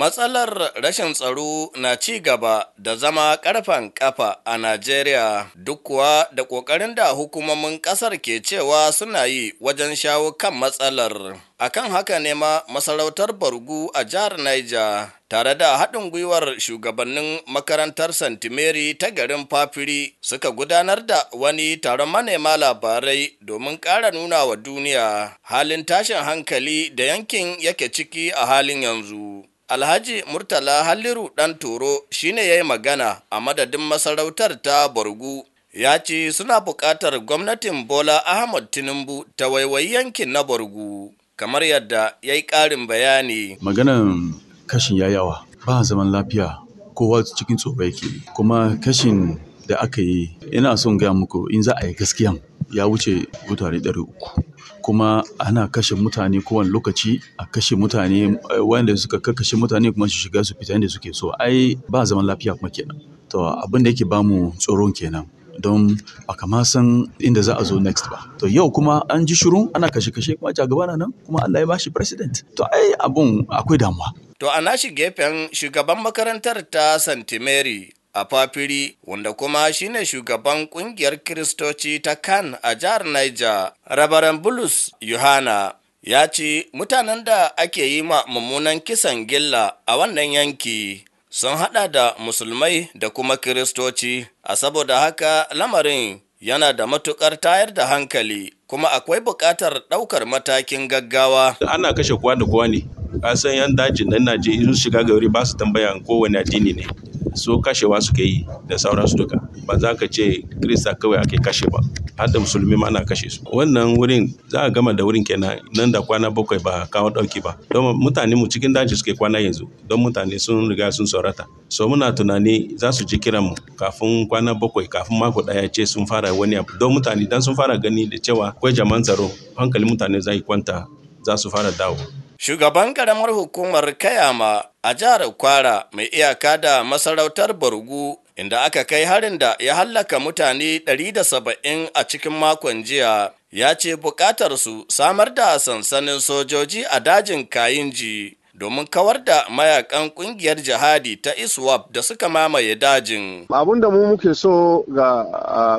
Matsalar rashin tsaro na ci gaba da zama ƙarfen ƙafa a Najeriya duk kuwa da ƙoƙarin da hukumomin ƙasar ke cewa suna yi wajen shawo kan matsalar. Akan haka ne ma masarautar Bargu a jihar Niger tare da haɗin gwiwar shugabannin makarantar St. Mary ta garin Fafiri suka gudanar da wani taron manema labarai domin ƙara nuna wa duniya halin tashin hankali da yankin yake ciki a halin yanzu. Alhaji Murtala Halliru ɗan Toro shine ya yi magana a madadin masarautar ta Borgu ya ce suna buƙatar gwamnatin Bola Ahmad Tinubu ta waiwayi yankin na Borgu kamar yadda ya yi ƙarin bayani. Maganan kashin ya yawa ba zaman lafiya kowa cikin tsoro yake kuma kashin da aka yi ina son gaya muku in za a yi gaskiyan ya wuce mutane ɗari uku. kuma ana kashe mutane kowane lokaci a kashe mutane eh, wanda suka kakkashe mutane kuma su shiga su fita inda suke so ai ba zaman lafiya kuma kenan to abin da yake mu tsoron kenan don a kama san inda za a zo next ba to yau kuma an ji shiru ana kashe-kashe kuma jagaba na nan kuma Allah ya bashi president to ai abun akwai damuwa to a nashi gefen shugaban makarantar ta St. Mary a fafiri wanda kuma shine shugaban kungiyar kiristoci ta kan a jihar niger rabaran bulus yohana ya ce mutanen da ake yi ma mummunan kisan gilla a wannan yanki sun hada da musulmai da kuma kiristoci a saboda haka lamarin yana da matukar tayar da hankali kuma akwai buƙatar ɗaukar matakin gaggawa ana kashe kwani da a san yan dajin nan naje su shiga gauri ba su tambaya kowane addini ne su kashewa suke yi da sauransu duka ba za ka ce krista kawai ake kashe ba har da musulmi ma ana kashe su wannan wurin za a gama da wurin kenan nan da kwana bakwai ba kawo dauki ba don mutane mu cikin daji suke kwana yanzu don mutane sun riga sun saurata so muna tunani za su ji kiran mu kafin kwana bakwai kafin mako daya ce sun fara wani abu don mutane dan sun fara gani da cewa akwai jaman tsaro hankalin mutane zai kwanta za su fara dawo Shugaban karamar hukumar Kayama a jihar Kwara mai iyaka da masarautar Bargu inda aka kai harin da ya hallaka mutane 170 a cikin makon jiya ya ce bukatar su samar da sansanin sojoji a dajin Kayinji domin kawar da mayakan kungiyar jihadi ta iswap da suka mamaye dajin. Abin da mu muke so ga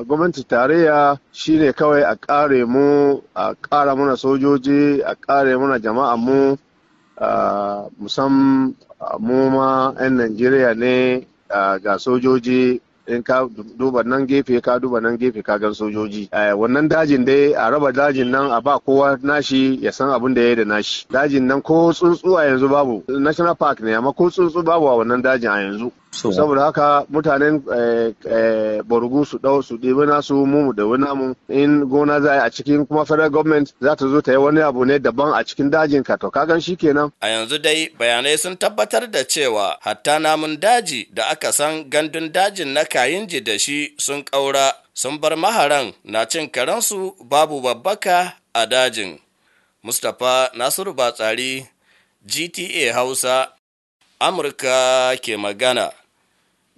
gwamnati tarayya shine kawai a kare mu a kara mana sojoji a kare mana jama'a mu musamman mu ma 'yan Najeriya ne ga sojoji in ka duba nan gefe ka duba nan gefe ka gan sojoji eh, wannan dajin dai a raba dajin nan a ba kowa nashi ya san abin da ya da nashi dajin nan ko tsuntsu a yanzu babu national park ne amma ko tsuntsu babu a wannan dajin a yanzu saboda haka mutanen eh, eh, borgu su dau su ɗibi nasu mu da wina namu in gona za a yi a cikin kuma federal government za ta zo ta yi wani abu ne daban a cikin dajin ka to kagan shi kenan a yanzu dai bayanai sun tabbatar da cewa hatta namun daji da aka san gandun dajin na kayinji da shi sun ƙaura, sun bar maharan na cin karensu babu babbaka a dajin mustapha nasiru batsari gta hausa amurka ke magana